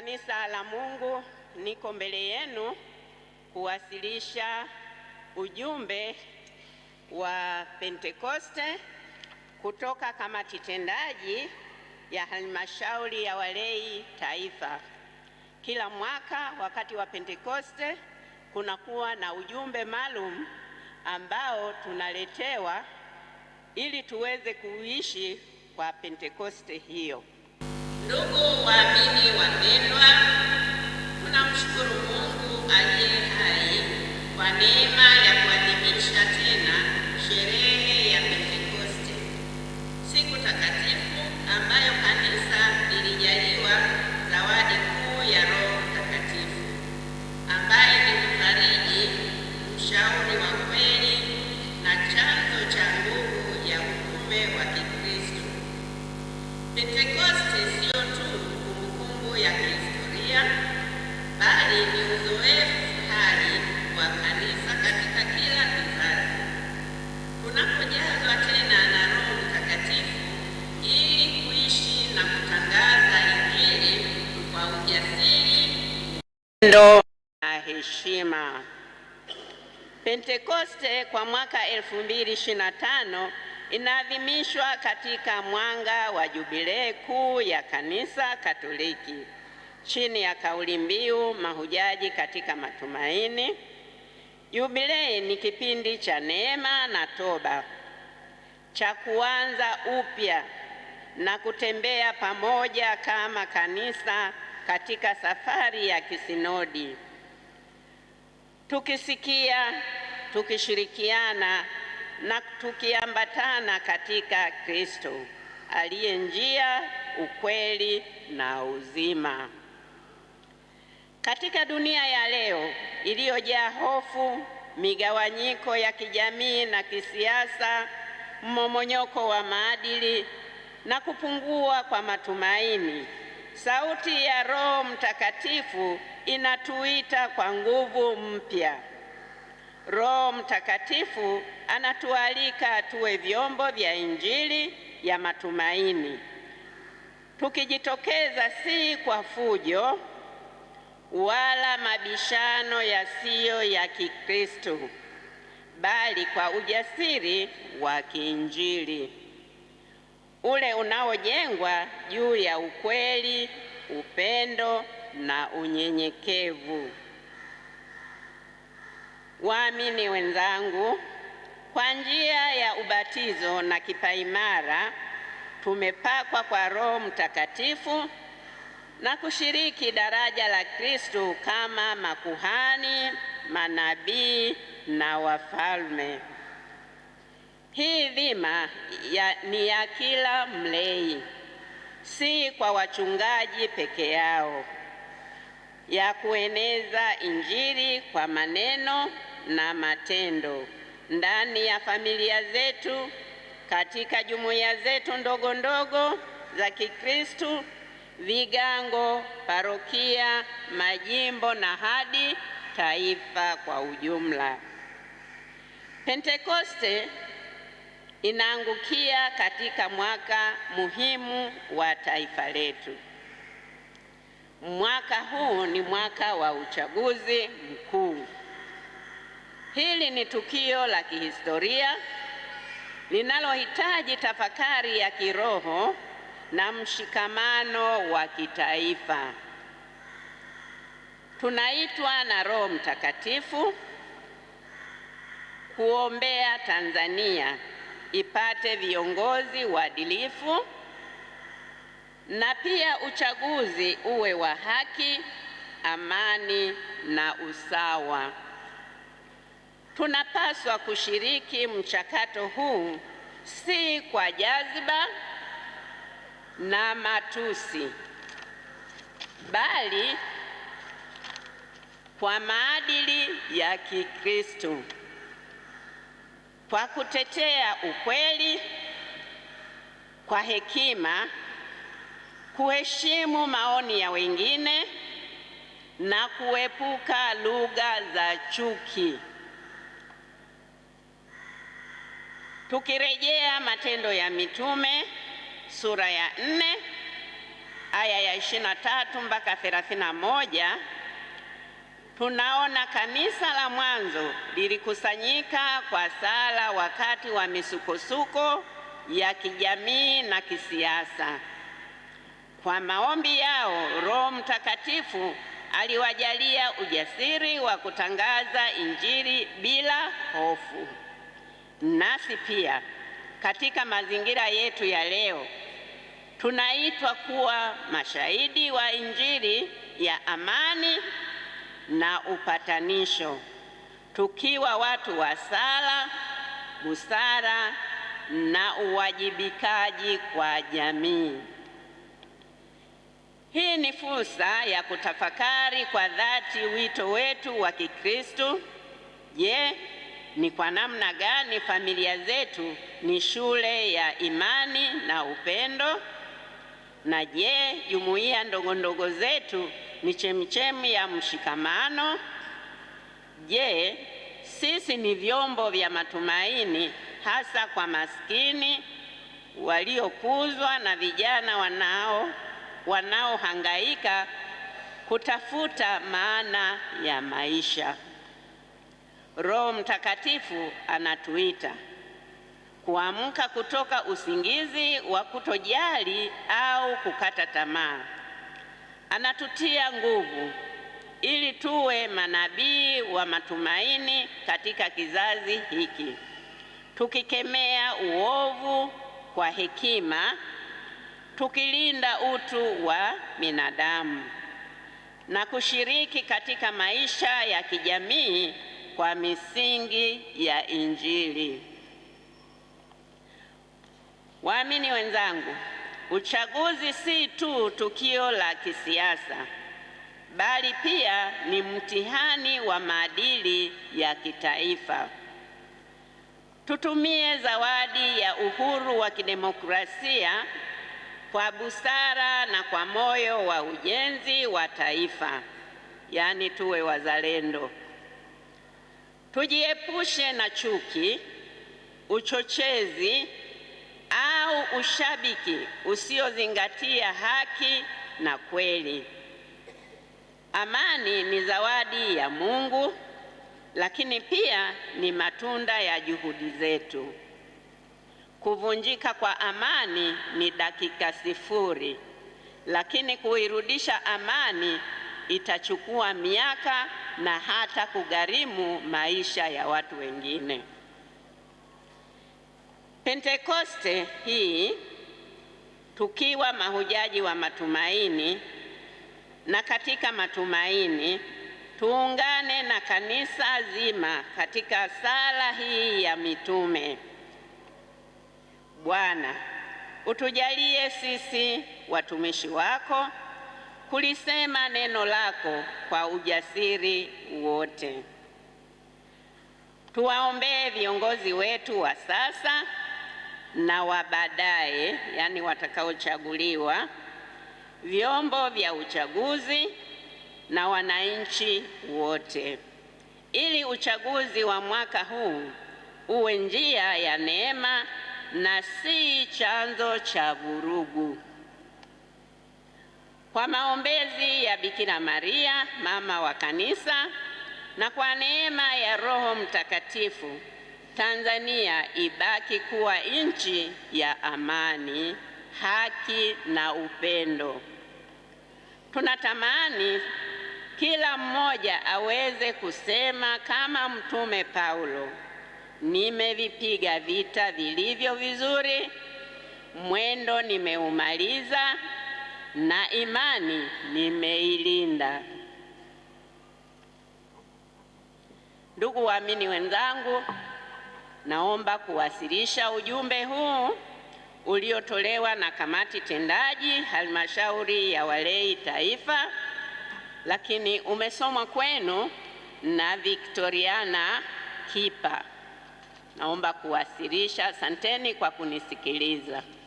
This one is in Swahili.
Kanisa la Mungu, niko mbele yenu kuwasilisha ujumbe wa Pentekoste kutoka kamati tendaji ya halmashauri ya walei taifa. Kila mwaka wakati wa Pentekoste kunakuwa na ujumbe maalum ambao tunaletewa ili tuweze kuishi kwa Pentekoste hiyo. Ndugu waamini wapendwa, tunamshukuru Mungu aliye hai kwa neema ya kuadhimisha tena sherehe ya Pentekoste, siku takatifu ambayo kanisa lilijaliwa zawadi kuu ya Roho Mtakatifu ambaye ni mfariji, mshauri wa kweli na chanzo cha nguvu ya utume wa Kikristo. Pentekoste sio ya kihistoria, bali ni uzoefu hai wa kanisa katika kila kizazi. Tunapojazwa tena na Roho Mtakatifu ili kuishi na kutangaza Injili kwa ujasiri, upendo na heshima. Pentekoste kwa mwaka 2025 inaadhimishwa katika mwanga wa Jubilee kuu ya Kanisa Katoliki chini ya kauli mbiu mahujaji katika matumaini. Jubilei ni kipindi cha neema na toba cha kuanza upya na kutembea pamoja kama kanisa katika safari ya kisinodi, tukisikia, tukishirikiana na tukiambatana katika Kristo aliye njia, ukweli na uzima. Katika dunia ya leo iliyojaa hofu, migawanyiko ya kijamii na kisiasa, mmomonyoko wa maadili na kupungua kwa matumaini, sauti ya Roho Mtakatifu inatuita kwa nguvu mpya Roho Mtakatifu anatualika tuwe vyombo vya Injili ya matumaini, tukijitokeza si kwa fujo wala mabishano yasiyo ya Kikristo, bali kwa ujasiri wa kiinjili ule unaojengwa juu ya ukweli, upendo na unyenyekevu. Waamini wenzangu, kwa njia ya ubatizo na kipaimara tumepakwa kwa Roho Mtakatifu na kushiriki daraja la Kristo kama makuhani, manabii na wafalme. Hii dhima ya, ni ya kila mlei, si kwa wachungaji peke yao, ya kueneza Injili kwa maneno na matendo ndani ya familia zetu, katika jumuiya zetu ndogo ndogo za Kikristo, vigango, parokia, majimbo na hadi taifa kwa ujumla. Pentekoste inaangukia katika mwaka muhimu wa taifa letu. Mwaka huu ni mwaka wa uchaguzi mkuu. Hili ni tukio la kihistoria linalohitaji tafakari ya kiroho na mshikamano wa kitaifa. Tunaitwa na Roho Mtakatifu kuombea Tanzania ipate viongozi waadilifu na pia uchaguzi uwe wa haki, amani na usawa. Tunapaswa kushiriki mchakato huu si kwa jaziba na matusi, bali kwa maadili ya Kikristo, kwa kutetea ukweli kwa hekima, kuheshimu maoni ya wengine na kuepuka lugha za chuki. Tukirejea Matendo ya Mitume sura ya nne aya ya 23 tatu mpaka 31 moja tunaona kanisa la mwanzo lilikusanyika kwa sala wakati wa misukosuko ya kijamii na kisiasa. Kwa maombi yao, Roho Mtakatifu aliwajalia ujasiri wa kutangaza Injili bila hofu. Nasi pia katika mazingira yetu ya leo tunaitwa kuwa mashahidi wa Injili ya amani na upatanisho, tukiwa watu wa sala, busara na uwajibikaji kwa jamii. Hii ni fursa ya kutafakari kwa dhati wito wetu wa Kikristo. Je, ni kwa namna gani familia zetu ni shule ya imani na upendo, na je, jumuiya ndogo ndogo zetu ni chemchemi ya mshikamano? Je, sisi ni vyombo vya matumaini hasa kwa maskini, waliokuzwa na vijana wanao wanaohangaika kutafuta maana ya maisha. Roho Mtakatifu anatuita kuamka kutoka usingizi wa kutojali au kukata tamaa. Anatutia nguvu ili tuwe manabii wa matumaini katika kizazi hiki, tukikemea uovu kwa hekima, tukilinda utu wa binadamu na kushiriki katika maisha ya kijamii kwa misingi ya Injili. Waamini wenzangu, uchaguzi si tu tukio la kisiasa bali pia ni mtihani wa maadili ya kitaifa. Tutumie zawadi ya uhuru wa kidemokrasia kwa busara na kwa moyo wa ujenzi wa taifa, yaani tuwe wazalendo. Tujiepushe na chuki, uchochezi au ushabiki usiozingatia haki na kweli. Amani ni zawadi ya Mungu, lakini pia ni matunda ya juhudi zetu. Kuvunjika kwa amani ni dakika sifuri, lakini kuirudisha amani itachukua miaka na hata kugharimu maisha ya watu wengine. Pentekoste hii tukiwa mahujaji wa matumaini, na katika matumaini tuungane na kanisa zima katika sala hii ya mitume. Bwana, utujalie sisi watumishi wako kulisema neno lako kwa ujasiri wote. Tuwaombee viongozi wetu wa sasa na wa baadaye, yaani watakaochaguliwa, vyombo vya uchaguzi na wananchi wote, ili uchaguzi wa mwaka huu uwe njia ya neema na si chanzo cha vurugu. Kwa maombezi ya Bikira Maria mama wa Kanisa na kwa neema ya Roho Mtakatifu, Tanzania ibaki kuwa nchi ya amani, haki na upendo. Tunatamani kila mmoja aweze kusema kama Mtume Paulo, nimevipiga vita vilivyo vizuri, mwendo nimeumaliza na imani nimeilinda. Ndugu waamini wenzangu, naomba kuwasilisha ujumbe huu uliotolewa na kamati tendaji halmashauri ya walei taifa, lakini umesomwa kwenu na Victoriana Kipa. Naomba kuwasilisha. Asanteni kwa kunisikiliza.